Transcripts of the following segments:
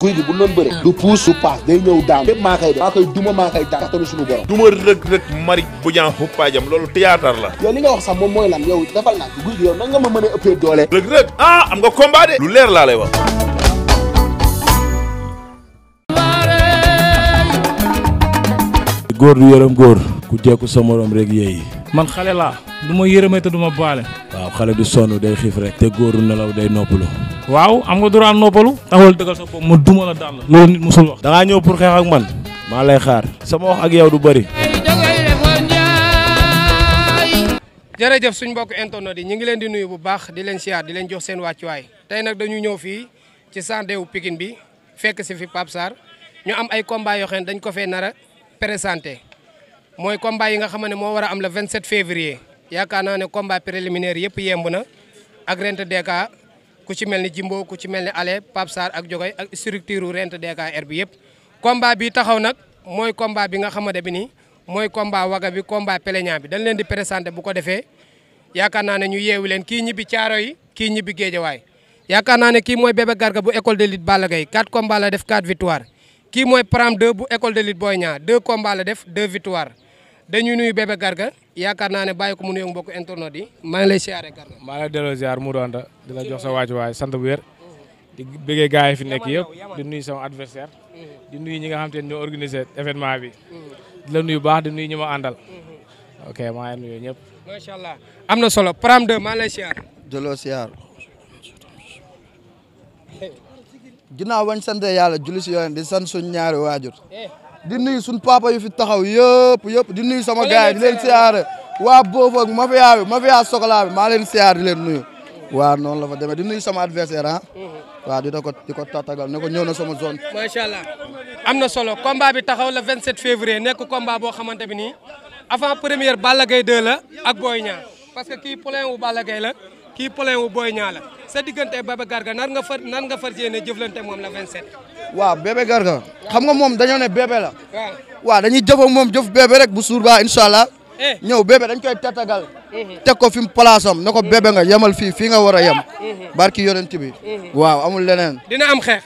guy gi bu doon bëre ah. du puus su paas day ñëw daan lépp maa koy def maa koy duma maa daan tamit suñu borom duma rëg rëg mari bu ñaan xuppaajam loolu théâtre la yow li nga wax sax moom mooy lan yow defal naa guy gi yow nan nga ma mën a ëppee doole rëg rëg ah am nga combat de lu leer laa lay wax góor du góor ku jekku sa morom man xale laa du ma yërëmee te du baale. waaw xale du sonn day xiif rek. te góoru nelaw day noppalu. waaw am nga raa noppalu. taxawal dëggal sa bopp ma duma la daan la. loolu musul wax. da ñëw pour xeex ak man. maa lay xaar. sama wax ak yow du bëri. jërëjëf suñ mbokk internet yi ñu ngi leen di nuyu bu baax di leen siyaar di leen jox seen wàccuwaay tey nag dañu ñëw fii ci santé wu Pikine bi fekk si fi Pape ñu am ay combat yoo xam ne dañ ko fee nar a mooy combat yi nga xam ne moo war a am vingt 27 février yaakaar naa ne combat préliminaire yëpp yemb na ak rent DK ku ci mel ni Jimbo ku ci mel ni Ale Pape Sarr ak Jogay ak structure rent DKR bi yëpp. combat bi taxaw nag mooy combat bi nga xamante bi nii mooy combat waga bi combat plénière bi dañ leen di présente bu ko defee yaakaar naa ne ñu yeewu leen kii ñibbi caaro yi kii ñibbi géejawaay yaakaar naa ne kii mooy bébé garga bu école de lutte Balla Gaye la def 4 victoire. kii mooy pram 2 bu école de lutte Boy Niang deux combats la def deux victoires dañuy nuyu bébé Garga yaakaar naa ne bàyyi ko mu nuyoog mbokk internet yi maa ngi lay siyaare Garga. maa ngi lay delloo mu doon di la jox sa waaj waay sant bu wér di bëggee gars fi nekk yëpp di nuyu sama adversaire mm-hmm. di nuyu ñi nga xam te ne ñoo organisé événement bi mm-hmm. di la nuyu baax di nuyu ñi ma àndal mm-hmm. ok maa ngi nuyu ñëpp. macha allah am na solo pram de maa ngi lay siyaar. delloo ginnaaw bañ sant yàlla julli si yoon di sant suñ ñaari waajur eh. di nuyu suñ papa yu fi taxaw yëpp yëpp di nuyu sama gaay di leen siyaare waa boobu ak mafia bi mafia sokolaa bi maa leen siyaar di leen nuyu waa noonu la fa demee di nuyu sama adversaire ah mm-hmm. waa di ko di ko tàttagal ne ko ñëw na sama zone macha allah am na solo combat bi taxaw vingt 27 février nekk combat boo xamante bi nii avant première Balla Gaye 2 la ak Boy Niang parce que kii poulain wu Balla Gaye la kii poulain wu Boy Niang la sa diggante Bébé Garga nan nga far nan nga far yéene jëflante moom la 27. waaw Bébé Garga xam nga moom dañoo ne bébé la. waaw waaw dañuy moom jëf bébé rek bu suur ba incha eh. ñëw bébé dañ koy tatagal. Eh. teg ko fi mu place am na ko bébé nga yemal fii fii nga war a yem. Eh. barki yonent bi. waaw amul leneen. dina am xeex.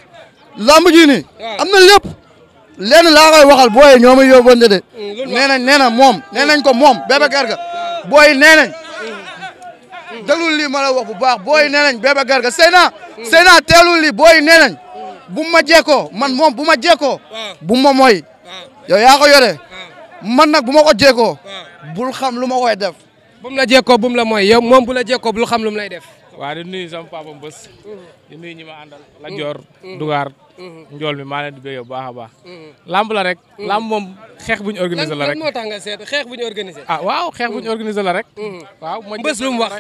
lamb ji am na lépp. lenn laa koy waxal booy yi ñoo ma yóbbante de. Hmm, nee nañ na moom nee nañ ko moom Bébé Garga booy yi dalul lii ma la wax bu baax booy nee nañ Bébé Garga Seyna Seyna teelul lii booy nee nañ bu ma jekkoo man moom bu ma jekkoo bu ma moy yow yaa ko yore man nag bu ma ko jekkoo bul xam lu ma e def bu mu la jekkoo bu la mooy yow moom bu la jekkoo bul xam lu mu lay def waaw di nuyu sama papa Mbës mm-hmm. ñi ma àndal mm-hmm. la joor mm-hmm. dugaar njool mi maa leen di bëgg bu baax baax lamb la rek lamb moom xeex bu ñu organisé la rek moo tax seet xeex bu ñu organisé ah waaw xeex bu ñu la rek waaw Mbës lu wax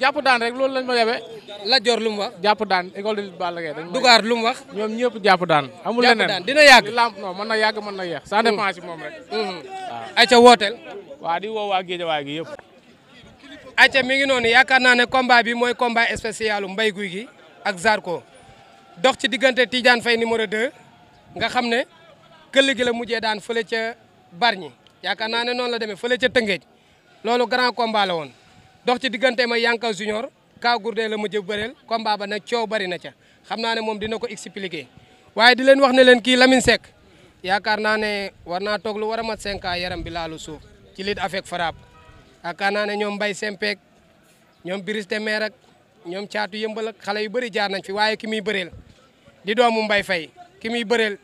jàpp daan rek loolu lañ ma yebee. Lat Dior lu mu wax. jàpp daan école de lutte Dugaar lu mu wax. ñoom ñëpp jàpp daan. amul leneen daan dina yàgg. lamb non mën na yàgg mën na yeex. ça dépend ci moom rek. Mm-hmm. waaw ayca wooteel. waa di woo waa Guédiawaye gi yëpp. ayca mi ngi noonu yaakaar naa ne combat bi mooy komba spécial Mbaye Gouye gi ak sarko dox ci diggante Tidiane fay numéro 2 nga xam ne këll gi la mujjee daan fële ca Bargny yaakaar naa ne noonu la demee fële ca Tëngéej loolu grand combat la woon dox ci diggante ma Yankaw Junior Kaw Gourdin la mujj bëreel combat ba nag coow bari na ca xam naa ne moom dina ko expliquer waaye di leen wax na leen kii Lamine Seck yaakaar naa ne war naa toog lu war a mat 5 yaram bi laalu suuf ci lit avec frappe yaakaar naa ne ñoom mbay Sempeek ñoom Brice Temer ak ñoom caatu yëmbal ak xale yu bëri jaar nañ fi waaye ki muy bëreel di doomu mbay fay ki muy bëreel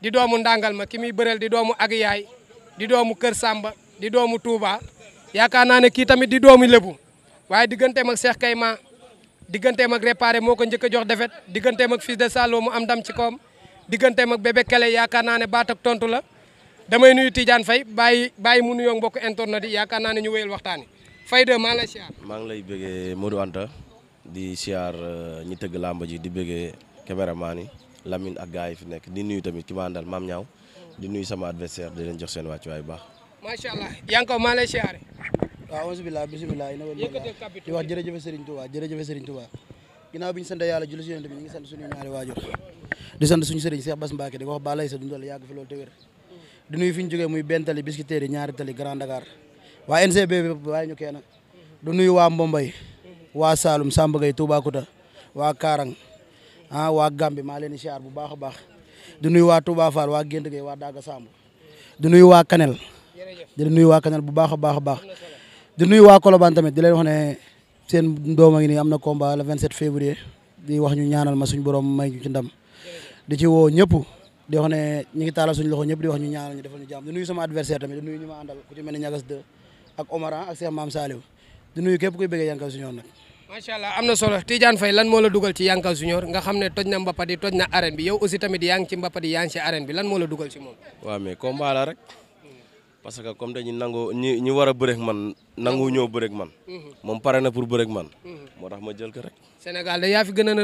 di doomu Ndangal ma ki muy bëreel di doomu Agiyaay di doomu Kër Samba di doomu Touba yaakaar naa ne kii tamit di doomu lébu waaye digganteem ak Cheikh Kayma digganteem ak réparé moo ko njëkk jox defet digganteem ak fils de Salo mu am ndam ci kawam digganteem ak bébé Kele yaakaar naa ne baat ak tontu la damay nuyu Tidiane Faye bàyyi bàyyi mu nuyoo mbokk internet yaakaar naa ne ñu wéyal waxtaan Faye de maa ngi lay siyaar. maa ngi lay bëggee Modou Anta di siyaar euh, ñi tëgg lamba ji di bëggee caméraman ni Lamine ak gars yi fi nekk di nuyu tamit ki ma àndal Mame Niaw di sama adversaire di leen jox seen wàccuwaay bu baax. macha allah Yankoba maa lay siyaare. waaw bisimilah bisimilah. di wax jërëjëf Serigne Touba jërëjëf Serigne Touba. ginnaaw bi ñu sant yàlla julli si yonent bi ñu ngi sant suñu ñaari waajur di sant suñu Serigne Cheikh Bass Mbacké di ko wax balay sa dundal yàgg fi loolu te wér di nuyu fi ñu jógee muy benn tali biscuiterie ñaari tali Grand Dakar waa NCB bi waaye ñu kenn du nuyu waa Mbombay waa Saloum Samba Gueye Toubacouta waa Karang ah, waa Gambi maa leen di siyaar bu baax a baax du nuy waa tubaa Fall waa Gént Gueye waa Daga Samb di nuyu waa Kanel di nuyu waa Canal bu baax a baax a baax di nuyu waa Colobane tamit di leen wax ne seen doom a ngi nii am na combat le 27 février di wax ñu ñaanal ma suñu borom may ñu ci ndam di ci woo ñëpp di wax ne ñu wax ñu ñaanal ñu defal ñu jàmm di nuyu sama adversaire tamit di nuyu ñu ma àndal ku ci mel ñagas 2 ak Omaran ak Cheikh Mame Saliou di nuyu képp kuy bëggee Yankal Junior nag macha allah am na solo Tidiane Faye lan moo la dugal ci Yankal Junior nga xam ne toj na mbapat yi toj na arène tamit yaa ngi ci mbapat yaa ngi moo la dugal ci parce que comme dañu nangoo ñi ñi war a bëreeg man nangu ñoo bëreeg man. Mhm. moom pare na pour bëreeg man. Mhm. moo tax ma jël ko rek. Sénégal da yaa fi gën a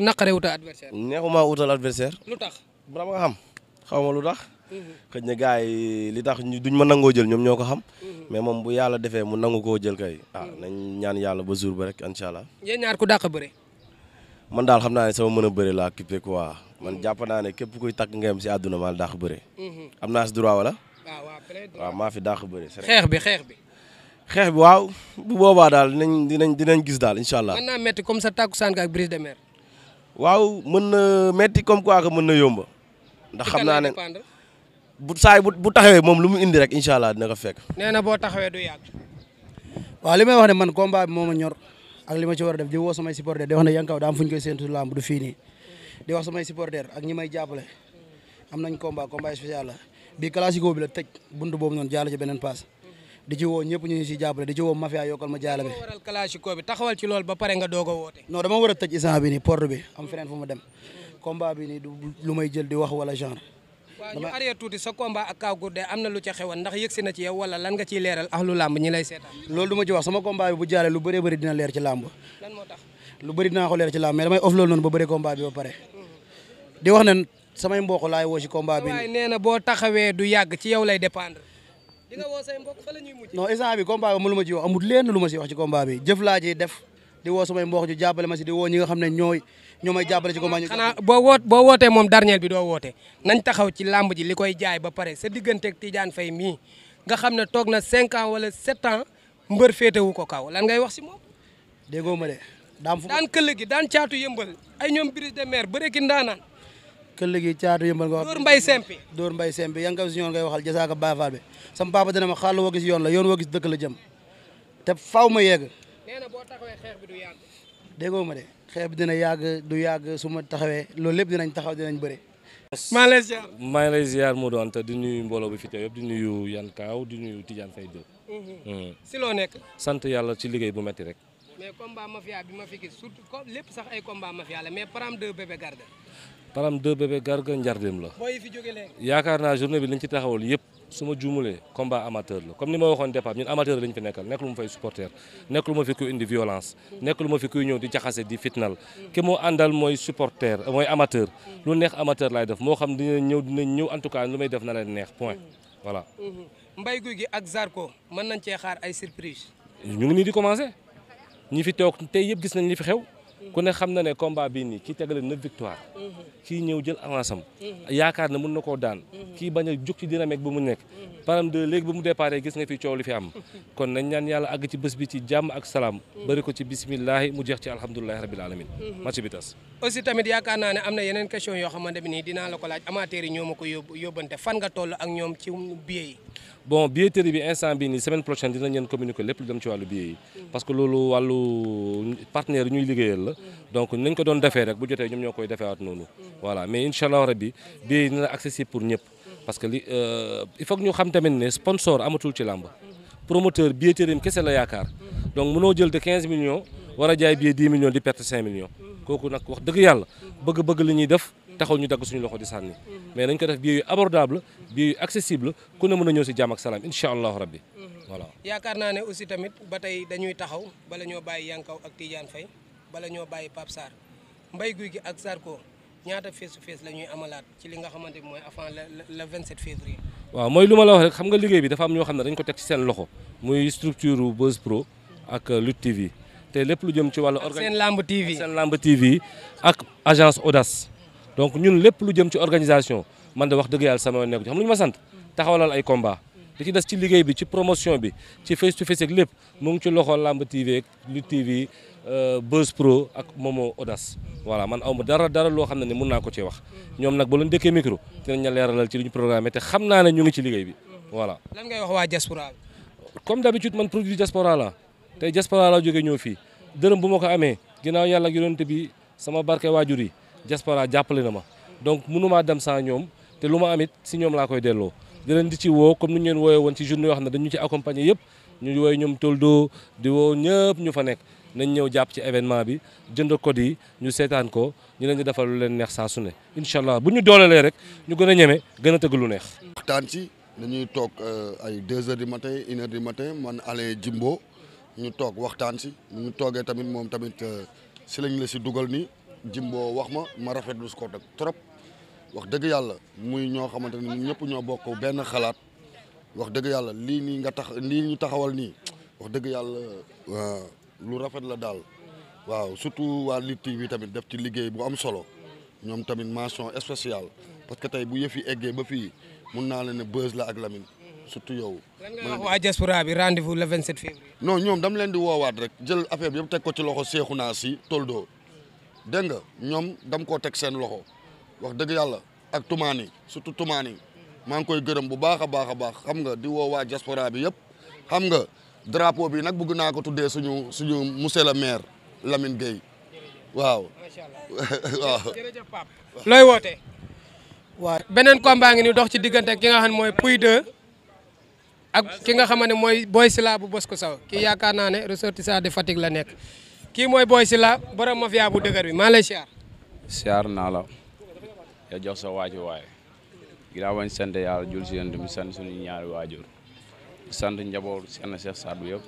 naqare wutal adversaire. neexuma wutal adversaire. lu tax ba nga xam xaw ma lu tax. Mhm. xëj na gars yi li tax duñ ma nangoo jël ñoom ñoo ko xam. mais moom bu yàlla defee mu nangu koo jël kay. ah nañ ñaan yàlla ba jour ba rek incha allah. ñaar ku dàq bëre. man daal xam naa ne sama mën a bëre laa kippé quoi man jàpp naa ne képp kuy takk ngem si àdduna maal dàq bëre. am naa si waaw maa fi dàq bëri. xeex bi xeex bi. xeex bi waaw bu boobaa daal dinañ dinañ dinañ gis daal incha allah. naa metti comme sa takkusaan ak brise de mer. waaw mën na métti comme quoi que mën na yomba. ndax xam naa ne bu saay bu bu taxawee moom lu mu indi rek incha allah dina ko fekk. nee na boo taxawee du yàgg. waaw li may wax ne man combat bi moo ma ñor ak li ma ci war a def di woo samay supporter di wax ne Yankaw daa am fu ñu koy séntu lamb du fii nii di wax samay supporter ak ñi may jàppale am nañ combat combat bii classico bi la tëj buntu boobu noonu jaarale ci beneen paas di ci woo ñëpp ñu ngi siy jàppale di ci woo mafia yokkal ma jaala bi waral a woote non dama war a tëj instant bi nii porte bi am feneen fu ma dem combat bi di wax wala genre waaw ñu arrêté tuuti sa combat am na lu ca xewoon ndax yëgsi na ci yow wala lan nga ciy leeral ahlu làmb ñi lay seetaan loolu ma ci wax sama combat bi bu jaale lu bëree bëri dina leer ci làmb lan moo tax lu bëri dinaa ko leer ci làmb mais damay off loolu noonu ba bëri combat bi ba pare di wax ne samay mbokk laay woo ko combat bi. waaye nee na boo taxawee du yàgg ci yow lay dépendre. di woo say la ñuy mujj. bi combat bi ma lu ci wax amul leen lu ma si wax ci combat bi jëf laa ciy def di woo samay mbokk ñu jàppale ma si di woo ñi nga xam ne ñooy ñoo may jàppale ci combat. xanaa boo woot boo wootee moom dernier bi doo woote nañ taxaw ci làmb ji li koy jaay ba pare sa digganteeg Tidiane fay mii nga xam ne toog na 5 ans wala 7 mbër féetewu ko kaw lan ngay wax si moom. déggoo ma de daan fu këll gi daan caatu yëmbal ay ñoom brise de mer bëre ki ndaanaan kër liggéey caatu yëmbal nga wax Dóor Mbay Sempi Dóor Mbay Sempi yaa ngi ko si yoon ngay waxal jasaaka Baay Faal bi sama papa dina ma xàll woo gis yoon la yoon woo gis dëkk la jëm te faw ma yegg nee déggoo ma de xeex bi dina yàgg du yàgg su ma taxawee loolu lépp dinañ taxaw dinañ bëre maa ngi lay ziar maa ngi lay ziar di nuyu mbooloo bi fi teew yëpp di nuyu Yann Kaaw di nuyu Tidiane Faye Diop mm-hmm. mm. si loo nekk sant yàlla ci liggéey bu metti rek mais combat mafia bi ma fi surtout lépp sax ay combat mafia la mais param de param 2 bébé garga njardeem la. yaakaar naa journée bi liñ ci taxawal yëpp su ma juumalee combat amateur la comme ni ma waxoon départ ñun amateur lañ fi nekkal nekk lu ma nekk lu ma fi kuy nekk lu ma fi kuy ñëw di jaxase di fitnal ki moo àndal mooy supporter mooy amateur lu neex amateur laay def moo xam dina ñëw dinañ ñëw en tout cas lu may def na leen neex point voilà. Mhm. Mbaye Gouy Gui ak Zarko mën nañ cee xaar ay surprise ñu ngi nii di commencé ñi fi toog tey yëpp gis nañ li fi xew. ku ne xam na ne combat bii nii kii tegale na victoire kii ñëw jël avance am yaakaar na mun na koo daan kii bañ a jóg ci dynamique bu mu nekk param de léegi ba mu déparé gis nga fi coow li fi am kon nañ ñaan yàlla àgg ci bés bi ci jàmm ak salaam bari ko ci bisimillahi mu jeex ci alhamdulilahi rabil alamin match bi tas aussi tamit yaakaar naa ne am na yeneen question yoo xamante bi nii dinaa la ko laaj amateurs ko yóbbu yóbbante fan nga toll ak ñoom ci bii yi bon billetterie bi instant bi nii semaine prochaine dinañ leen communiquer lépp lu dem ci wàllu billet yi mm. que loolu wàllu partenaire yi ñuy liggéeyal la mm. donc nañ ko doon defee rek bu jotee ñoom ñoo koy defee defeewaat noonu mm. voilà mais incha allah rabbi billet yi dina accessible pour ñëpp parce que li euh, il faut ñu xam tamit ne sponsor amatul ci làmb promoteur billetterie kese la yaakaar donc mënoo jël de 15 millions war a jaay billet 10 millions di perte 5 millions kooku nag wax dëgg yàlla bëgg-bëgg li ñuy def taxaw ñu dagg suñu loxo di sànni mais nañ ko def billet yu abordable billet yu accessible ku ne mën a ñëw si jàmm ak salaam incha allahu rabbi voilà yaakaar naa ne aussi tamit ba tey dañuy taxaw bala ñoo bàyyi Yankaw ak Tidiane Faye bala ñoo bàyyi Pape Sarr mbay Gouy Gui ak Sarko ñaata face to face la ñuy amalaat ci li nga xamante ni mooy avant le 27 février. waaw mooy lu ma la wax rek liggéey bi dafa am ñoo xam ne dañ ko teg ci seen loxo muy structure Buzz Pro ak Lutte TV te lépp lu jëm ci wàllu. seen lamb TV seen lamb TV donc ñun lépp lu jëm ci organisation man de wax dëgg yàlla sama nekk xam lu ñu ma sant taxawalal ay combat li ci des ci liggéey bi ci promotion bi ci face to face ak lépp mu ngi ci loxo lamb TV ak lu TV euh, Buzz Pro ak Momo Audace voilà man aw dara dara loo xam ne ni mun naa ko ci wax ñoom nag ba leen dëkkee micro dinañ la leeralal ci li ñu programme te xam naa ne ñu ngi ci liggéey bi voilà. lan ngay wax man produit diaspora la tey jaspora laa jógee ñëw fii dërëm bu ma ko amee ginnaaw yàlla ak yonent bi sama barke waajur yi jaspora jàppale na ma donc mënumaa dem sans ñoom te lu ma amit si ñoom laa koy delloo di leen di ci woo comme ni ñu leen wooyee woon ci journée wax xam ne dañu ci accompagner yëpp ñu wooye ñoom toldo di woo ñëpp ñu fa nekk nañ ñëw jàpp ci événement bi jënd code yi ñu seetaan ko ñu leen di defal lu leen neex saa su ne incha allah bu ñu doolelee rek ñu gën a ñeme gën a tëgg lu neex waxtaan ci dañuy toog euh, ay deux heures du matin une heure du matin man ñu toog waxtaan si mu ñu toogee tamit moom tamit euh, si lañ la si dugal ni Jimbo wax ma ma rafet su ko nag trop wax dëgg yàlla muy ñoo xamante ni ñëpp ñoo bokk benn xalaat wax dëgg yàlla lii nii nga tax lii ñu taxawal nii wax dëgg yàlla lu rafet la daal waaw surtout waa Lutte TV bi tamit def ci liggéey bu am solo ñoom tamit mention spéciale parce que tey bu yëf yi eggee ba fii mun naa leen ne buzz la ak Lamine surtout yow. waa diaspora bi rendez-vous le 27 février. non ñoom dama leen di woowaat rek jël affaire bi yëpp teg ko ci loxo Seexuna Si Toldo dégg nga ñoom dam koo teg seen loxo wax dëgg yàlla ak Toumani surtout Toumani maa ngi koy gërëm bu baax a baax a baax xam nga di woo waa bi yëpp xam nga drapeau bi nag bëgg naa ko tuddee suñu suñu monsieur le maire Lamine Gueye waaw. macha allah waaw jërëjëf Pape looy woote. waaw beneen combat ngi ni dox ci diggante ki nga xam mooy Pouye 2 ak ki nga xam ne mooy Boy Sila bu Bosco Saw kii yaakaar naa ne ressortissant de la nekk kii mooy Boy Sila borom mafia bu dëgër bi maa lay siyaar. siyaar naa la ya jox sa waaju waaye ginnaaw bañ sant yàlla jul si yéen di sant suñu ñaari waajur di sant njaboot seen Cheikh Sadou yëpp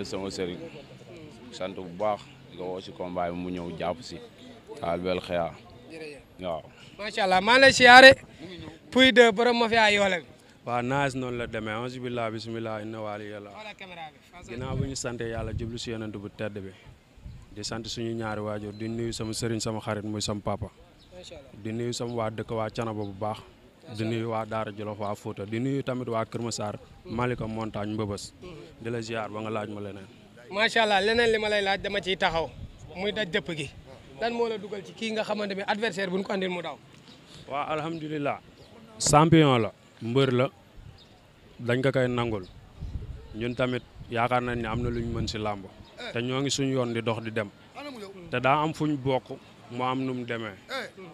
di sama sëriñ sant bu baax di si combat mu ñëw jàpp si taal bel xeyaa waaw. macha allah maa lay siyaare Pouye de borom mafia yoole bi waaw naaj noonu la demee onze billah bisimilah inna waali bu ñu sante yàlla jublu si yonent bu tedd bi di sant suñu ñaari waajur di nuyu sama sëriñ sama xarit muy sama papa di nuyu sama waa dëkk waa Canaba bu baax di nuyu waa Daara Jolof waa Fouta di nuyu tamit waa Kër Massar hmm. Malika montagne Mbëbës hmm. di la ziar ba nga laaj ma leneen macha allah leneen li ma lay laaj dama ciy taxaw muy daj dëpp gi lan moo la dugal ci kii nga xamante ne adversaire bu ñu ko andil mu daw waaw la mbër la dañ ko koy nangul ñun tamit yaakaar nañ ne am na lu ñu mën si làmb te ñoo ngi suñu yoon di dox di dem te daa am fuñ bokk mu am nu mu demee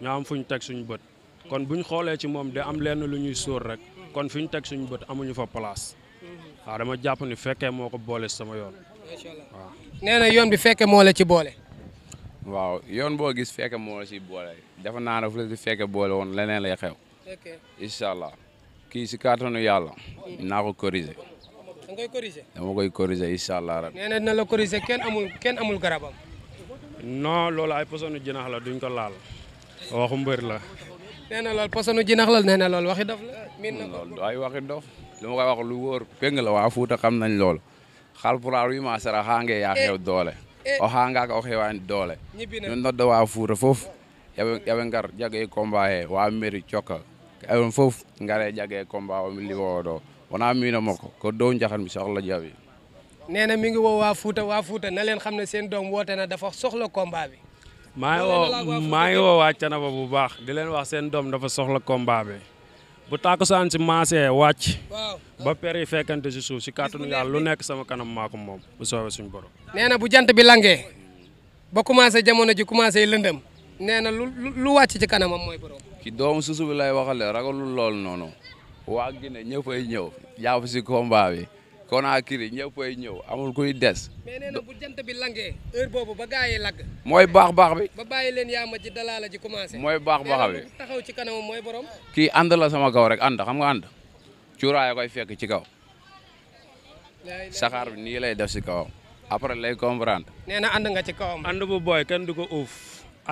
ñoo am fuñ teg suñu bët kon bu ñu xoolee ci moom di am lenn lu ñuy sóor rek kon fi ñu teg suñu bët amuñu fa place waaw dama jàpp ni fekkee moo ko boole sama yoon waaw. yoon bi fekkee moo la ci boole. waaw yoon boo gis fekke moo la ci boole dafa naa ne fu la di fekke boole woon leneen lay xew. incha allah. kii si kàttanu yàlla. Hmm. naa ko corriger. da nga koy corriger. dama koy corriger allah rabi. nee na dina la corriger kenn amul kenn amul garabam. non loolu ay posonu jinax la duñ ko laal. waxu mbër la. nee na loolu posonu jinax la nee na loolu waxi dof la. miin na lu wóor péng la waa Fuuta xam nañ loolu. xalpulaar wi ma sara xaange yaa eh, doole. Eh. o xaangaaka o xewaani doole. ñibbi nodda waa Fuuta foofu. yabe ngar jagee combat waa mairie cokka ewon fof ngare jagge combat o mi liwowoɗo wona miinomako ko dow jahan mi sohla jaawi nee na mi woo waa Fouta waa Fouta na leen xam ne seen doom woote na dafa soxla combat bi maa ngi woo maa ngi woo waa Canaba bu baax di leen wax seen doom dafa soxla combat bi bu tàkkusaan si maasee wàcc ba per yi fekkante si suuf si kàttanu yàlla lu nekk sama kanam maa ko moom bu soobee suñu borom nee na ji commencé lëndëm nee na ki doomu susu bi lay waxale ragalul lool noonu waa Guinée ñëppay ñëw jàpp si combat bi Conakry ñëppay ñëw amul kuy des. mais nee na bu jant bi langee heure boobu ba gaa yi lagg. mooy baax baax bi. ba bàyyi leen yaa ma ji dalaa la ji commencé. mooy baax baax bi taxaw ci kanamam mooy borom. kii ànd sama kaw rek ànd xam nga ànd cuuraay koy fekk ci kaw saxaar bi nii lay def si kawam après lay na ànd nga ci kawam. bu booy kenn du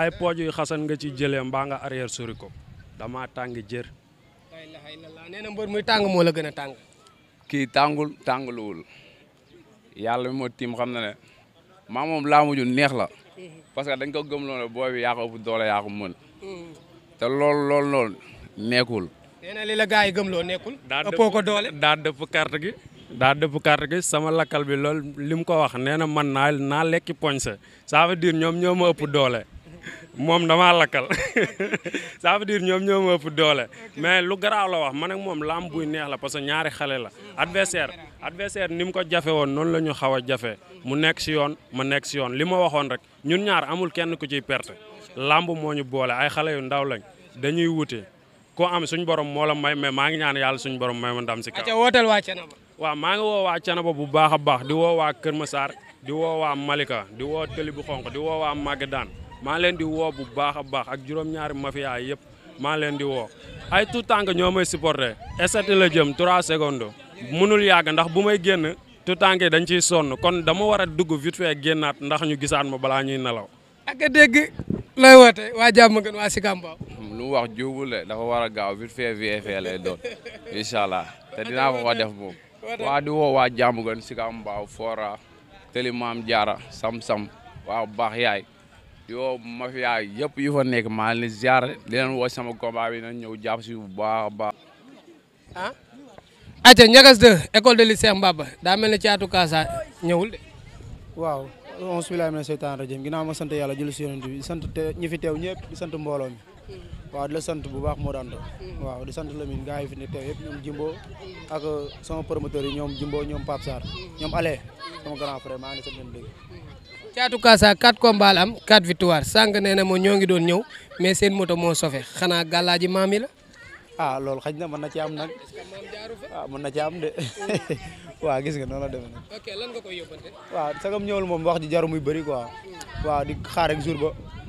ay pooj yu xasan nga ci jëlee mbaa nga arrière sori ko damaa tàng jër. nee na mbër muy tàng moo la gën a tàng. kii tàngul tànguluwul yàlla mi ma tiim xam na ne maa moom laa mujj neex la parce que dañ ko gëmloo ne booy bi yaa ko ëpp doole yaa ko mën te loolu loolu loolu nekkul. nee li la gars yi gëmloo nekkul. ëppoo ko doole daa dëpp carte gi. daa dëpp gi sama lakkal bi lool li mu ko wax nee na man na naa lekki poñse ça veut ñoom ñoo ma ëpp doole. moom damaa lakkal ça veut ñoom ñoo ma ëpp doole mais lu garaaw la wax man moom làmb buy neex la parce que ñaari xale la adversaire adversaire ni mu ko jafe woon noonu la ñu xaw a jafe mu nekk si yoon ma nekk si yoon li ma waxoon rek ñun ñaar amul kenn ku ciy perte làmb moo ñu boole ay xale yu ndaw lañ dañuy wute ko am suñ borom moo la may mais maa ngi ñaan yàlla suñ borom may ma ndam si kaw waaw maa ngi woo waa Canaba bu baax a baax di woo waa Kër di woo waa di woo Tëli bu xonq di woo waa Magadane maa leen di woo bu baax a baax ak juróom-ñaari mafia yëpp maa leen di woo ay tout tànk ñoo may supporter esati la jëm 3 secondes mënul yàgg ndax bu may génn tout tànk dañ ciy sonn kon dama war a dugg vite fait génnaat ndax ñu gisaan ma balaa ñuy nelaw. ak a dégg looy woote waa jàmm gën waa Sicap Mbao lu wax juubul le dafa war a gaaw vite fait VFL lay doon incha allah te dinaa ko ko def moom. waa di woo waa jàmm gën Sicap Mbao Fora Tëli Maam Jaara Sam Sam waaw baax yaay. di woo mafia yëpp yu fa nekk maa leen ziar di leen woo sama combat bi nañ ñëw jàpp si bu baax a baax. ah. ayca ñagas de école de lycée Cheikh Mbaba daa mel ne caatu Kaasa ñëwul de. waaw auzu billaahi mina seytaani rajiim ginnaaw ma sant yàlla julli si yonent sant ñi fi teew ñëpp di mbooloo mi. waaw sant bu baax moo daan doon. di sant Lamine gars yi fi nekk teew yëpp ñoom Jimbo ak sama promoteur yi ñoom Jimbo ñoom Pape Sarr sama grand frère maa ngi sant leen caatu kaasa 4 combats la am 4 victoire sànq nee na ma ñoo ngi doon ñëw mais seen moto moo sofe xanaa gàllaaji maam yi la. a ah, loolu xaj na mën na ci am nag waaw ah, mën na ci am de waaw gis nga noonu la demee nag. ok lan nga koy yóbbante. moom wax ji jaru muy bëri quoi. Hmm. waaw di xaar rek jour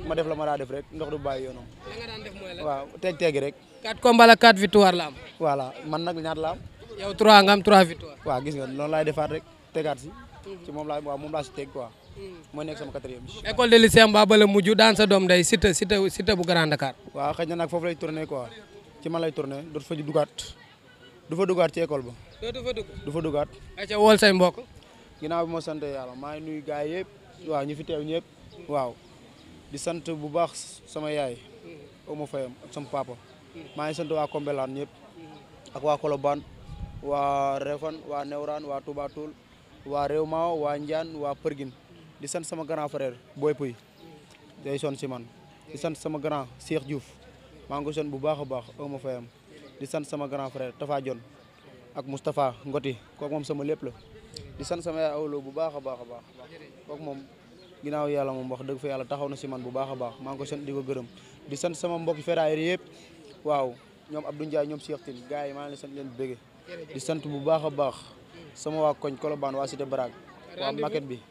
ma def la ma daa def rek ndox du bàyyi yoonam. la nga daan def mooy la waaw teg tegi rek. 4 combats la 4 victoire la am. man nag ñaar la am. yow 3 nga am 3 victoire. waaw gis nga noonu laay defaat rek tegaat si. Hmm. moom laa waaw moom teg quoi. Mm. moo nekk sama quatrième bi. école de lycée Mbaba la mujj daan sa doom day Cité Cité Cité bu Grand Dakar. waaw xëy na nag foofu lay tourné quoi ci man lay tourné dootu fa dugaat du fa dugaat ci école ba. dootu fa dugg du fa dugaat. ayca wool say mbokk. ginnaaw bi ma sant yàlla maa ngi nuyu gars yëpp waaw ñu fi teew ñëpp waaw di sant bu baax sama yaay mm. Ouma Fayam ak sama papa mm. maa sant waa Kombelaan ñëpp ak waa Kolobaan waa Refan waa Newran waa Touba Toul waa Réew waa Njaan waa di sant sama grand frère Boy Pouy day soon si man di sant sama grand Cheikh Diouf maa ngi ko son bu baax a baax aw ma fayam di sant sama grand frère Tafa jon ak mustafaa Ngoti kooku moom sama lépp la di sant sama yaay awlo bu baax a baax a baax kooku moom ginnaaw yàlla moom wax dëgg fa yàlla taxaw na si man bu baax a baax maa ngi ko sant di ko gërëm di sant sama mbokki ferrailleur yëpp waaw ñoom Abdou Ndiaye ñoom Cheikh Tine gars yi maa ngi leen sant leen bëgge di sant bu baax a baax sama waa koñ Colobane waa Cité Baraag bi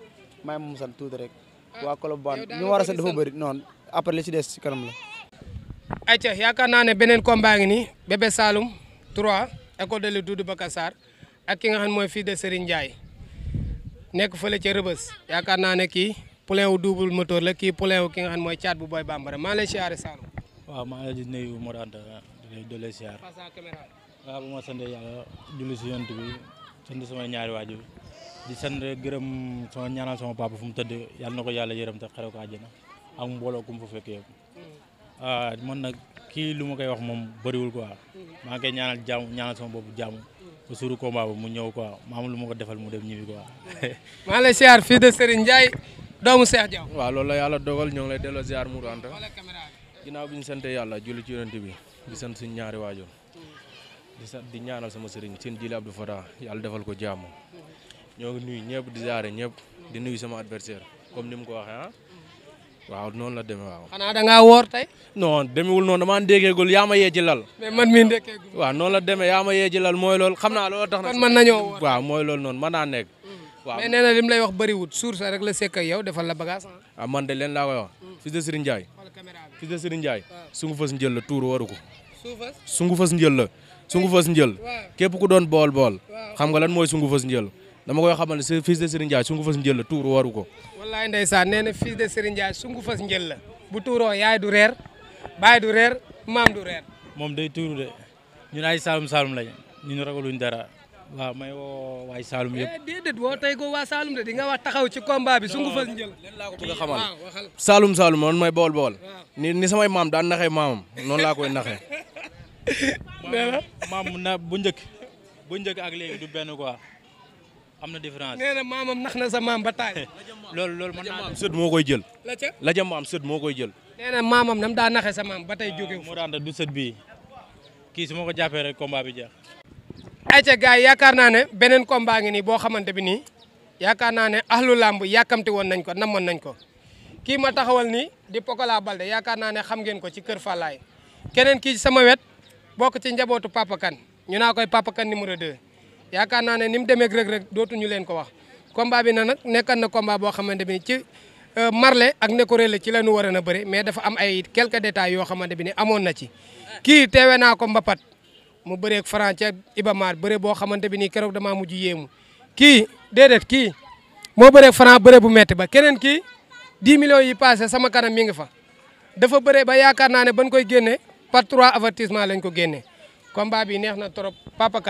may moom sant tuuti rek ah, waa Colobane ñu war a sant dafa bëri noonu après li ci des ci kanam la. ayca yaakaar naa ne beneen combat ngi nii Bébé Saloum 3 école de lutte Doudou Baka ak ki nga xam mooy fils de Serigne Ndiaye nekk fële ca Rëbës yaakaar naa ne kii poulain wu double moteur la kii poulain wu ki nga xam mooy caat bu boy bambara maa ngi lay siyaare Saloum. waaw maa ngi lay di siyaar waaw bu ma sant julli si yont bi sant sama ñaari waajur di sant gërëm sama ñaanal sama papa fu mu tëdd yal na ko yàlla yërëm te ko àjjana ak mbooloo ku mu fa fekk yëpp ah, man nag kii lu ma koy wax moom bëriwul quoi maa ngi koy ñaanal jàmm ñaanal sama bopp jàmm ba suuru combat ba mu ñëw quoi maa am lu ma ko defal mu dem ñibbi quoi. maa lay siyaar fii de Serigne Ndiaye doomu Cheikh Diaw. waaw loolu la yàlla dogal ñoo ngi lay delloo ziar Mourou Anta ginnaaw bi ñu sant yàlla julli ci yonent di sant ñaari waajur di sant di ñaanal sama Serigne sin jili Abdou Fata yàlla defal ko jàmm. ñoo ngi nuyu ñëpp di jaare ñëpp di nuyu sama adversaire comme ni mu ko waxee ah waaw noonu la demee waaw. xanaa da ngaa woor tey. non demewul noonu damaa ndékkeegul yaa ma yee ci man mii ndékkeegul. waaw noonu la demee yaa ma yee ci lal mooy xam naa loolu tax na. kon mën nañoo woor waaw mooy loolu noonu mën naa nekk. Mm. waaw mais nee lay wax bëriwul suur rek la sekk ak yow defal la bagage. ah, ah man de leen laa koy wax. Mm. fils de Serigne Ndiaye. fils de Serigne Ndiaye. Ah. su fas njël la tuur waru ko. su njël la. su ngu fas njël. képp ku doon bool bool. xam nga lan mooy su ngu fas njël dama koy xamal ne fils de Serigne Ndiaye sungu fas njël la tuur waru ko. wallaay ndeysaan nee na fils de Serigne Ndiaye sungu fas njël bu tuuroo yaay du reer baay du reer maam du reer. moom day tuuru de ñun ay Saalum Saalum lañ ñun ragaluñ dara. may woo waay Saalum yëpp eh, taxaw ci combat bi sungu fas njël. leen laa ko bëgg a xamal Saalum ni samay maam daan naxee maamam noonu laa koy naxee. na bu njëkk njëkk ak léegi du benn am na différence nee na maamam nax na sa maam ba taay. loolu loolu mën naa sët moo koy jël. la ca la ca maam sët moo koy jël. nee na maamam nam daa naxee sa maam ba tey jóge moo daan du sët bii kii su ma ko jàppee rek combat bi jeex. ayca gars yi yaakaar naa ne beneen combat ngi nii boo xamante bi nii yaakaar naa ne ahlu làmb yàkkamti woon nañ ko namoon nañ ko kii ma taxawal nii di Pokola Balde yaakaar naa ne xam ngeen ko ci Kër Fallaye keneen kii sama wet boo ko ci njabootu Papa ñu naa koy Papa Kane numéro 2. yaakaar naa ne ni mu demee rek rek dootuñu leen ko wax combat bi na nag nekkan na combat boo xamante bi ci euh, marle ak nekoré le ci la ñu waroon a bëri mais dafa am ay quelques détails yoo xamante bi ni amoon na ci kii teewe naa ko mba pat mu bëreeg Franc ca Ibamar bëre boo xamante bi nii keroog damaa mujj yéemu kii déedéet kii moo bëreeg farans bëre bu metti ba keneen kii 10 millions yi passé sama kanam mi ngi fa dafa bëree ba yaakaar naa ne bañ koy génne par trois lañ ko génne combat bi neex na trop Papa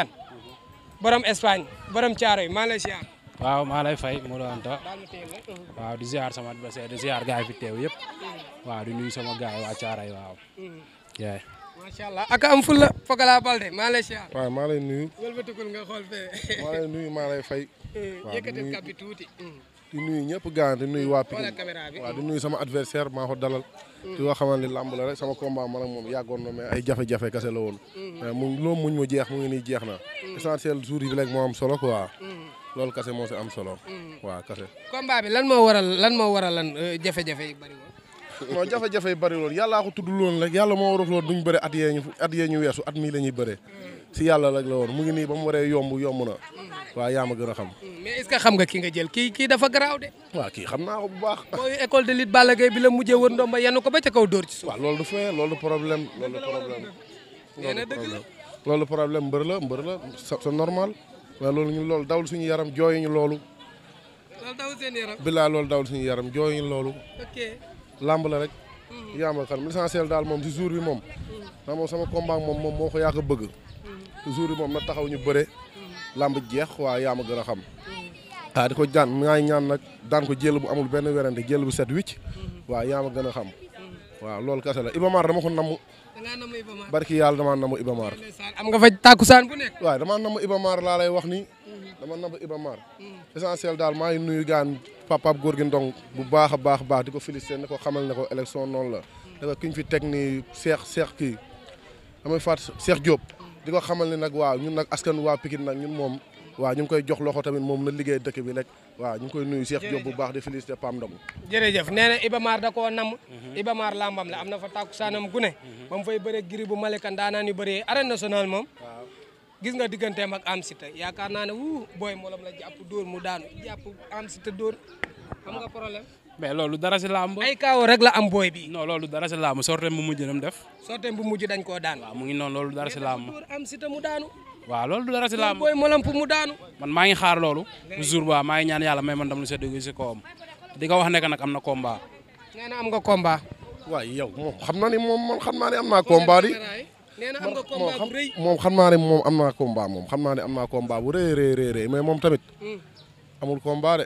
borom Espagne borom Thiaro yi maa lay ziar. waaw maa lay fay Modou Anta waaw di ziar sama adversaire di ziar gaay fi teew yëpp waaw di nuyu sama gaay waa Thiaro yi waaw. Mm-hmm. macha allah am fula Pokola Balde maa lay waaw maa nuyu. wëlbatikul fay. Mm-hmm. yëkkatil kàpp bi tuuti. Mm-hmm. di nuyu ñëpp gaa di nuyu waa Pikine waaw di nuyu sama adversaire maa ko dalal di nga xamal ni làmb la rek sama combat man ak moom yàggoon na mais ay jafe-jafe kese la woon mais mu loolu mu jeex mu ngi nii jeex na mm-hmm. essentiel jour yi bi rek moo am solo quoi mm-hmm. loolu kese moo si am solo mm-hmm. waaw kese combat bi lan moo waral lan moo waral lan euh, jafe-jafe yi bari woon non jafe-jafe yi bari loon yàllaa ko tudd loon rek yàlla moo waral loon duñ bëre at yee ñu at yee ñu weesu at mii la ñuy bëree si yàlla rek la woon mu ngi nii ba mu waree yomb yomb na waaw yaa ma gën a xam. mais est xam nga ki nga jël kii kii dafa garaaw de. waaw kii xam naa ko bu baax. mooy école bi la mujjee wër ndomba yenn ko ba ca kaw dóor ci suuf. waaw loolu du fee loolu problème loolu problème. loolu problème loolu problème mbër la mbër la c'est normal. waaye loolu ñun loolu dawul suñu yaram jooyuñu loolu. loolu dawul seen yaram. bilaa loolu yaram jooyuñu loolu. ok làmb rek. Hmm. yaa ma xam l'essentiel daal moom si jour bi moom. ndax moom sama combat moom moom moo ko yaa ko bëgg jour yi moom na taxaw ñu bëre mm. làmb jeex waaye yaa ma gën a xam mm. waaw di ko daan maa ngi ñaan nag daan ko jël bu amul benn werante jël bu set wicc mm-hmm. waa yaa ma gën a xam mm-hmm. waaw loolu kese la Ibamaar dama ko namu barki yàlla damaa namu Ibamaar am nga fa tàkkusaan bu nekk waaw damaa namu Ibamaar laa lay wax nii mm-hmm. dama namu Ibamaar essentiel daal maa ngi nuyu gaan papaab góor gi ndong bu baax a baax baax di ko félicité ne ko xamal ne ko élection noonu la da ko kiñ fi teg ni Cheikh seex kii damay faat Cheikh Diop di ko xamal ni nag waaw ñun nag askan waa Pikine nag ñun moom waaw ñu ngi koy jox loxo tamit moom na liggéey dëkk bi rek waaw ñu koy nuyu Cheikh Diop bu baax di félicité Pam Ndogu jërëjëf nee na Ibamaar da koo nam Ibamaar lambam la am na fa tàkku saanam gune ba mu fay bëre giri bu Malika ndaanaan yu bëree arène nationale moom gis nga digganteem ak am sita yaakaar naa ne wuu booy molam la jàpp dóor mu daanu jàpp am sita dóor xam nga problème mais loolu dara si làmb. kaaw rek am booy bi. non loolu dara si làmb sorteem bu mujj nam def. sorteem bu mujj dañ koo daan. waaw mu ngi noonu loolu dara si làmb. am si te mu daanu. waaw loolu dara si làmb. booy molam pour mu daanu. man maa ngi xaar loolu. jour maa ngi ñaan yàlla may man dam lu seddu si kawam. di ko wax ne nag am na combat. nee na am nga combat. waaye yow moom xam na ni moom xam naa ne am naa combat moom xam naa ne moom am naa moom xam naa ne am naa combat bu rëy rëy rëy moom tamit hmm. amul combat de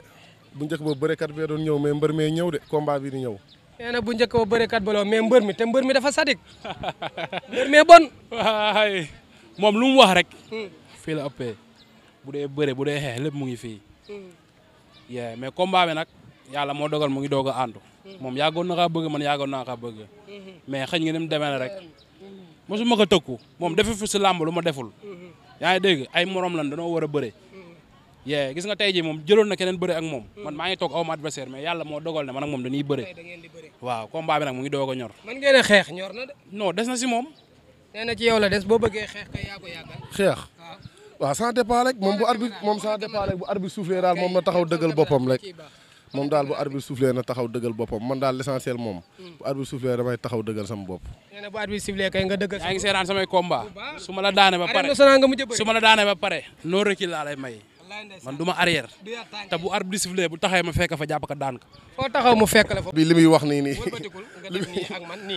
bu njëkk ba bërekat bee doon ñëw mais mbër mee ñëw de combat bi di ñëw nee bu njëkk ba bërekat ba loo mais mbër mi te mbër mi dafa sadik mbër mee bon moom lu mu wax rek hmm. fii la ëppee bu dee bëre bu dee xeex lépp mu ngi fii hmm. yee mais combat bi nag yàlla moo dogal mu ngi doog a àndu hmm. moom yàggoon na kaa bëgg man yàggoon naa kaa bëgg mais xañ nga ni deme demee rek mosuma ko tëkku moom defu fi si làmb lu ma deful yaa ngi dégg ay moroom lan danoo war a bëre yee gis nga tey jii moom jëloon na keneen bëre ak moom man maa ngi toog awma adversaire mais yàlla moo dogal ne man ak moom dañuy bëre waaw combat bi nag a ñor ñor na de non si moom nee na ci yow la des boo bëggee xeex kay yaa ko yàggal xeex moom bu arbitre moom ça dépend rek bu arbitre soufflé moom na taxaw dëggal boppam rek moom daal bu arbitre soufflé taxaw dëggal boppam man daal l'essentiel moom hmm. bu arbitre soufflé damay taxaw dëggal sama bopp nee na bu arbitre soufflé kay nga dëggal ngi seeraan samay combat su ma la daane ba pare su ma la daane ba pare noo rëkki laa lay may man du ma arrière te bu arbitre sifflé bu taxawee ma fekk fa jàpp ka daan ko. foo taxaw mu fekk la bi li muy wax nii nii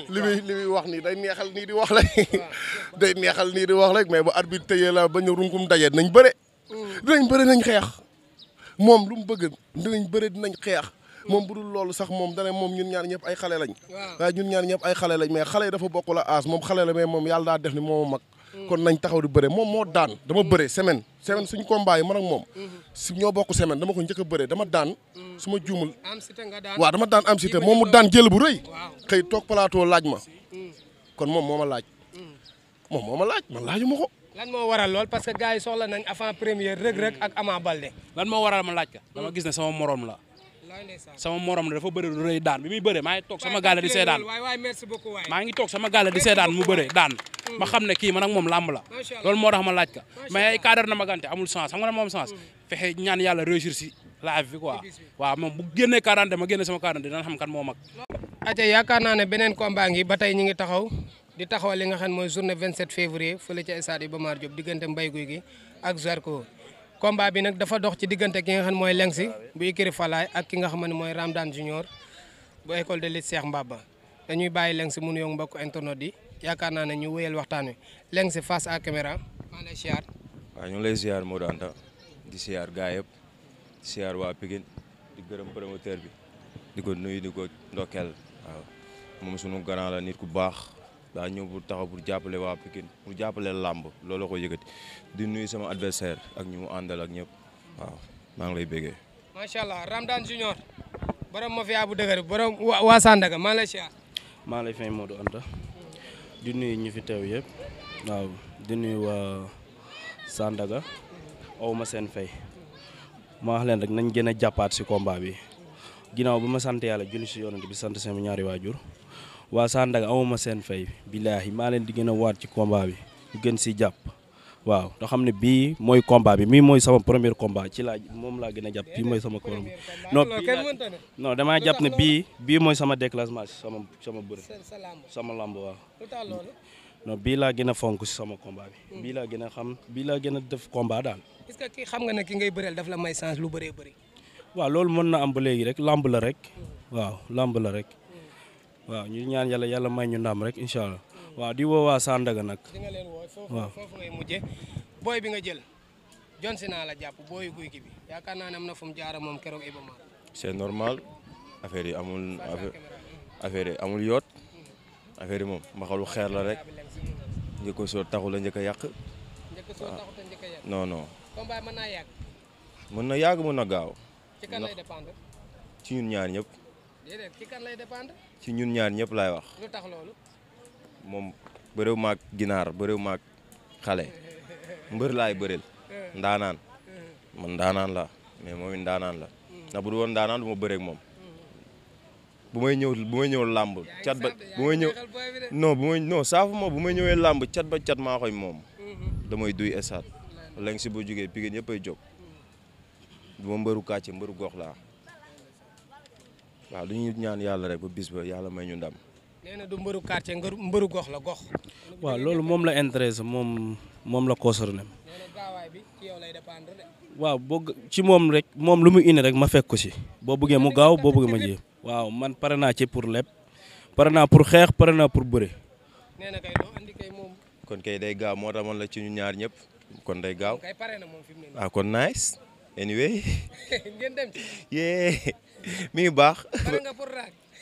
li muy li muy wax nii day neexal nii di wax rek day neexal nii di wax rek mais bu arbitre tëyee la ba ñu runkum daje nañ bëre. dinañ bëre nañ xeex moom lu mu bëgg dinañ bëre dinañ xeex. moom bu dul loolu sax moom dane moom ñun ñaar ñëpp ay xale lañ waaye ñun ñaar ñëpp ay xale lañ mais xale dafa bokk la aas moom xale la mais moom yàlla daa def ni moom mag kon nañ taxaw di bëre moom moo daan dama bëre semaine semaine suñu combat yi ma ak moom si ñoo bokk semaine dama ko njëkk a dama daan su ma juumul waa dama daan am cité moom mu daan jël bu rëy xëy toog plateau laaj ma mm. kon moom moo ma laaj moom moo ma laaj man laaju ma ko lan moo waral lool parce que gars yi soxla nañ avant première Reug Reug ak Ama Baldé lan moo waral ma laaj ka dama gis ne sama morom la sama morom la dafa bëri lu rëy daan bi muy bëre maa ngi sama gàlle di seedaan maa ngi sama gàlle di seedaan mu bëre daan ma xam ne kii man ak moom làmb la loolu moo tax ma laaj ka mais ay cadre na ma gante amul sens xam sens mm-hmm. fexe ñaan yàlla réussir si live bi quoi waaw moom bu génnee quarante ma génne sama quarante dana xam kan moo mag aca yaakaar beneen combat ngi ba ñu ngi taxaw di taxawal li nga xam mooy journée 27 février fële ca combat bi nag dafa dox ci diggante ki nga xam ne mooy Lengsi bu Ikiri Falaay ak ki nga xam ne mooy Ramdan Junior bu école de lutte Cheikh Mbaba dañuy bàyyi Lengsi mu nuyoog mbokku internet yi yaakaar naa ne ñu wéyal waxtaan wi Lengsi face à caméra maa ngi lay ziar. waaw ñu ngi di ziar gaa yëpp di waa Pikine di gërëm promoteur bi di ko nuyu di ko ndokkeel waaw moom sunu grand la nit ku baax. daa ñëw pour taxaw pour jàppale waa Pikine pour jàppale làmb looloo ko yëkkati di nuyu sama adversaire ak ñu mu àndal ak ñëpp waaw maa ngi lay béggee. macha allah Ramdan Junior borom mafia bu dëgër borom waa Sandaga maa lay siyaar. maa lay fay di nuyu ñu fi teew yëpp waaw di nuyu waa Sandaga aw ma seen fay ma wax leen rek nañ gën a jàppaat si combat bi ginnaaw bi ma sant yàlla julli si yonent bi sant sama ñaari waajur waa Sandaga amuma seen fay billaahi maa leen di gën a waat ci combat bi ñu gën si jàpp waaw te xam ne bii mooy combat bi mii mooy sama première combat ci laa moom laa gën a jàpp mooy sama combat non non damaa jàpp ne bii bii mooy sama déclassement si sama sama bëre sama lamb bii laa gën a fonk si sama combat bi bii laa gën a xam bii laa gën a def combat daal est-ce ki ngay bëreel daf la may chance lu bëree bëri waaw loolu mën na am ba léegi rek lamb la rek waaw lamb la rek waaw ñu ñaan yàlla yàlla may ñu ndam rek incha allah waaw di woo waa Sandaga nag. di nga leen woo foofu booy bi nga jël jon si naa la jàpp booy guy gi bi yaakaar naa ne am na fu mu jaara moom keroog Iba Mar. normal affaire yi amul affaire yi amul yoot affaire yi moom mbaxalu xeer la rek njëkk a soor la njëkk yàq. njëkk a soor ah. taxu yàq. non na yàgg mën na gaaw. ci ñun ñaar ñëpp. déedéet ci kan lay dépendre. ci ñun ñaar ñëpp laay wax. lu tax loolu. moom bëriw maag ginaar bëriw maag xale mbër laay bëril ndaanaan man ndaanaan la mais moom it ndaanaan la ndax bu du woon ndaanaan du ma bëreeg moom bu may ñëw bu may ñëw làmb cat ba bu may ñëw non ma bu may ñëwee làmb cat ba cat maa koy moom mhm. damay duy esaat lañ si bu jógee pigéen ay jóg du ma mbëru gox laa waaw li ñu ñaan yàlla rek ba bis ba yàlla may ñu ndam. nee na mbëru quartier mbëru gox la gox. waaw loolu moom la intéresse moom moom la concerné. waaw boog ci moom rek moom lu mu indi rek ma fekk ko si boo bëggee mu gaaw boo bëggee ma jéem. waaw man pare naa ci pour lépp pare naa pour xeex pare naa pour bëre. kon kay day gaaw moo tax man la ci ñu ñaar ñëpp kon day gaaw. kay pare ah, kon nice anyway. mi ngi baax.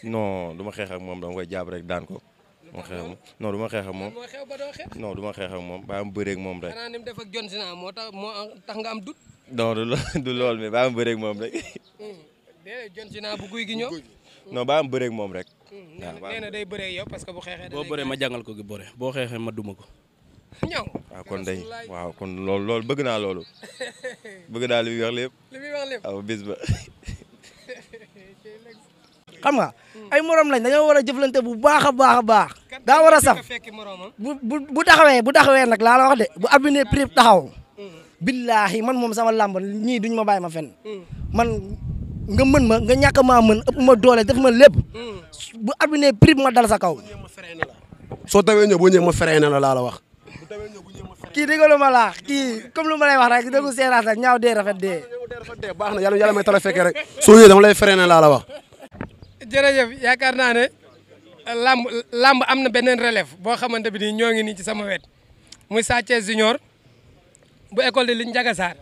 non du ma xeex ak moom dama koy jàpp rek daan ko. du ma xeex ak moom non du ma xeex ak moom. non du ma xeex ak moom baa am bëreeg moom rek. xanaa ni mu def ak John Sina moo tax moo tax nga am dut. non du lool du lool mais baa am bëreeg moom rek. Hmm. déedéet John Sina bu guy gi ñëw. non baa am bëreeg moom rek. Hmm. waaw nee na day bëree yow parce que bu xeexee. boo bëree ma jàngal ko gi bëre boo xeexee ma duma ko. ñëw waaw kon day waaw kon loolu loolu bëgg naa loolu bëgg naa li muy wax lépp. li muy wax lépp waaw bis ba. xam nga ay moroom lañ dañoo war a jëflante bu baax a baax a baax daa war a saf bu bu taxawee bu taxawee nag laa la wax de bu abine prix taxaw mm. billaahi man moom sama làmb ñii duñ ma bàyyi ma fen mm. man nga mën ma nga ñàkk maa mën ëpp ma doole def ma lépp mm. bu abine prix ma dal sa kaw soo tawee ñëw boo ñëw ma freiné na laa la wax kii déggalu ma laax kii comme lu ma lay wax rek déggu seeraat rek ñaaw dee rafet dee baax na yàlla yàlla may tala fekkee rek soo ñëwee dama lay freiné laa la wax jërëjëf yaakaar naa ne làmb làmb am na beneen relève boo xamante bi nii ñoo ngi nii ci sama wet muy Sa Thiès junior bu école de liñ Ndiaga Sarr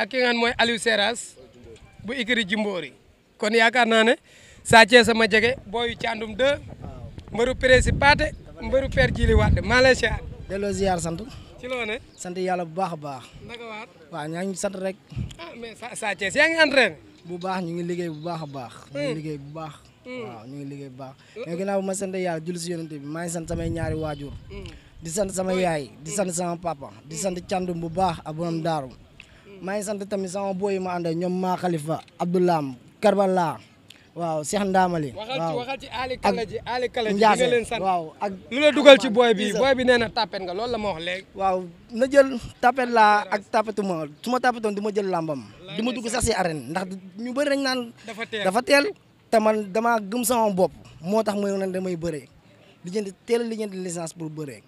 ak ki nga xam mooy Aliou Seras bu Ikiri Jimboori kon yaakaar naa ne Sa sama jege booyu Thiandoum 2 mbëru Présipaté mbëru Père Djili Wade maa lay ziar. delloo ziar sant. ci loo sant yàlla bu baax a baax. naka waat. ñaa ngi sant rek. ah mais Sa Thiès yaa ngi entraîné. bu baax ñu ngi liggéey bu baax a baax. Hmm. ñu ngi liggéey bu baax. Mm. waaw ñu liggéey bu baax mais ginnaaw bu ma sant yàlla julli si yonente bi maa ngi sant samay ñaari waajur mm. di sant sama yaay di sant sama papa di mm. sant càndum bu baax ak borom daaru maa ngi sant tamit sama booyi ma ànd ñoom maa xalifa abdoulaam karbala waaw Cheikh Ndamali. waaw waxal ci Ali Kala ji Ali Kala lu la dugal ci booy bi booy bi nee na tapet nga loolu la ma waaw na jël tapet laa ak tapetuma su ma tapetoon di ma jël lambam di ma dugg sax si arène ndax ñu bari nañ naan. dafa teel dafa teel. te man damaa gëm sama bopp moo tax ma ne damay bëree lijjanti teel a lijjanti licence pour bëree.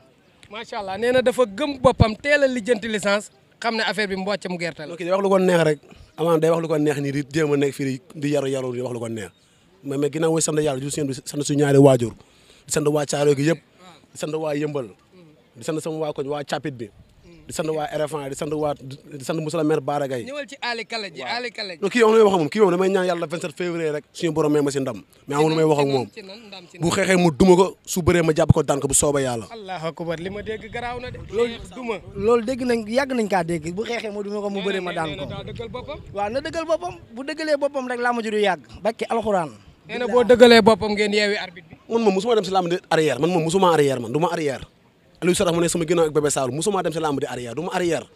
macha allah nee na dafa gëm boppam teel a lijjanti licence xam ne affaire bi mboccam gerte la. ok day wax lu ko neex rek amaana wax lu ko neex nii di jéem a nekk fii di yaru yaru di wax lu ko neex mais mais ginnaaw mooy sant yàlla di sant su ñaari waajur di sant waa Caaro gi yëpp di sant waa Yëmbal di sant sama waa koñ waa Capit bi. di sant waa RFA di sant waa di sant kii yow may wax kii yow damay ñaan yàlla 27 février rek suñu borom may ma si ndam mais amul may wax ak moom bu xeexee mu duma ko su bëree ma jàpp ko daan ko bu soobee yàlla na eh, yàgg nañ kaa dégg bu xeexee mu duma ko mu bëree ma daan ko waaw na dëggal boppam bu dëggalee boppam laa ma yàgg bakki alxuraan nee na boo dëggalee boppam ngeen yeewi arbitre bi man moom musuma dem si làmb di arrière man moom musuma arrière man du Aliou Sarax mu ne sama ginnaaw ak bébé Saalum mosuma dem si làmb di arrière du ma arrière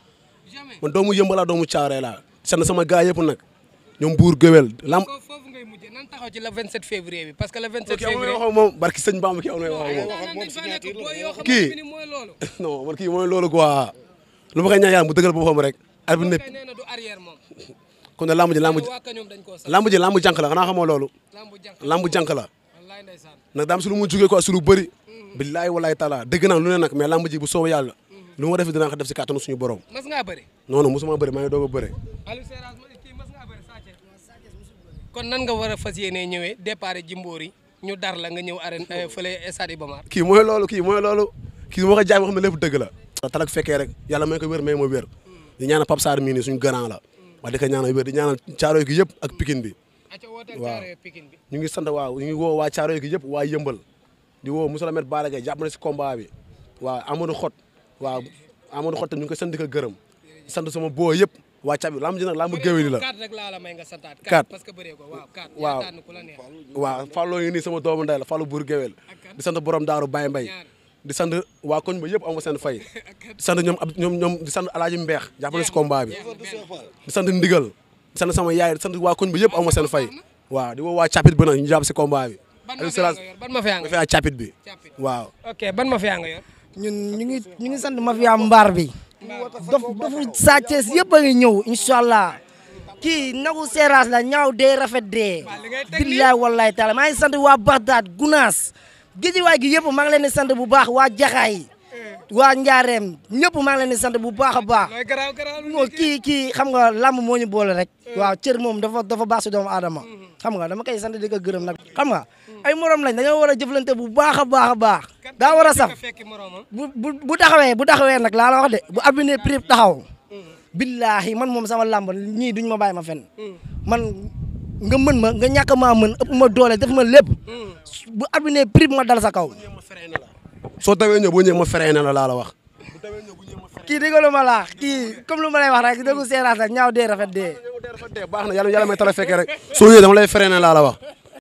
man doomu yëmbalaa doomu caaree laa sama gars yëpp nag ñoom buur géwél lamb foofu ngay mujjee nan taxaw ci le 27 février bi parce que le 27 février kii waxoon moom barki sëñ Bamba kii amul waxoon mu dëggal boppam rek arbitre ne kon ne lamb ji lamb ji lamb ji lamb la xanaa xamoo loolu lamb jànk la daam si lu mu jugee quoi si lu bëri billaay walaay taalaa dëgg naa lu ne nag mais ba ji bu soobee yàlla lu ma def dinaa ko def si kàttanu suñu borom. mas ngaa bëri. non non mosuma bëri maa ngi doog a bëri. kon nan nga war a fas yéenee ñëwee départ Jimboor yi ñu dar la nga ñëw arène euh, fële stade Iba Mar. kii mooy loolu kii mooy loolu kii moo ko jaay ma xam ne lépp dëgg la. talak fekkee rek yàlla may ko wér may ma wér di ñaanal Pape Sarr mii suñu grand la wax di ko ñaanal wér di ñaanal Caaroy gi yëpp ak ñu ngi sant waaw ñu ngi woo gi yëpp waa Yëmbal di woo Moussa Lamette Bara Gaye jàpp na si combat bi waaw Amadou Xot waaw Amadou Xot tam ñu gërëm sant sama boo yëpp waa cabi lamb ji nag lamb géwél la kat waaw waaw Fallou ngi nii sama doomu ndey la Fallou buur géwél di sant borom daaru Baye Mbaye di sant waa koñ ba yëpp am nga seen fay di sant ñoom ab ñoom ñoom di sant alaaji mbeex na si combat sama yaay di waa koñ ba yëpp am nga seen fay waaw di woo waa capit si combat bi Aliou Seras ban mafia nga bi waaw. ok ban mafia nga yor. ñun ñu ngi ñu ngi sant mafia mbaar bi. dof dofu Sa Thiès a ngi ñëw incha allah kii nagu Seras la ñaaw dee rafet dee. billaay wallaay taala maa ngi sant waa Bagdad Gunaas géej waay gi yëpp maa ngi leen di sant bu baax waa Jaxaay waa Njaareem ñëpp maa ngi leen di sant bu baax a baax. kii kii xam nga lamb moo ñu boole rek. Mm. waaw cër moom dafa dafa baax si doomu aadama. Mm-hmm. xam nga dama koy sant di ko gërëm nag. Mm. xam nga mm. ay morom lañ dañoo war a jëflante bu baax a baax a baax. war a saf bu bu bu taxawee bu taxawee nag laa la wax de bu abine ah. prip taxaw. Mm-hmm. billahi man moom sama làmb ñii duñ ma bàyyi ma fenn. man nga mën ma nga ñàkk maa mën ëpp ma doole def ma lépp. bu abine dal sa kaw. soo tawee ñëw boo ñëwee ma feree na la laa la wax. kii déglu ma laax kii comme lu ma lay wax rek déglu séeraat rek ñaaw dee rafet dee. baax na yàlla yàlla may tala fekkee rek soo ñëwee dama lay feree na laa la wax.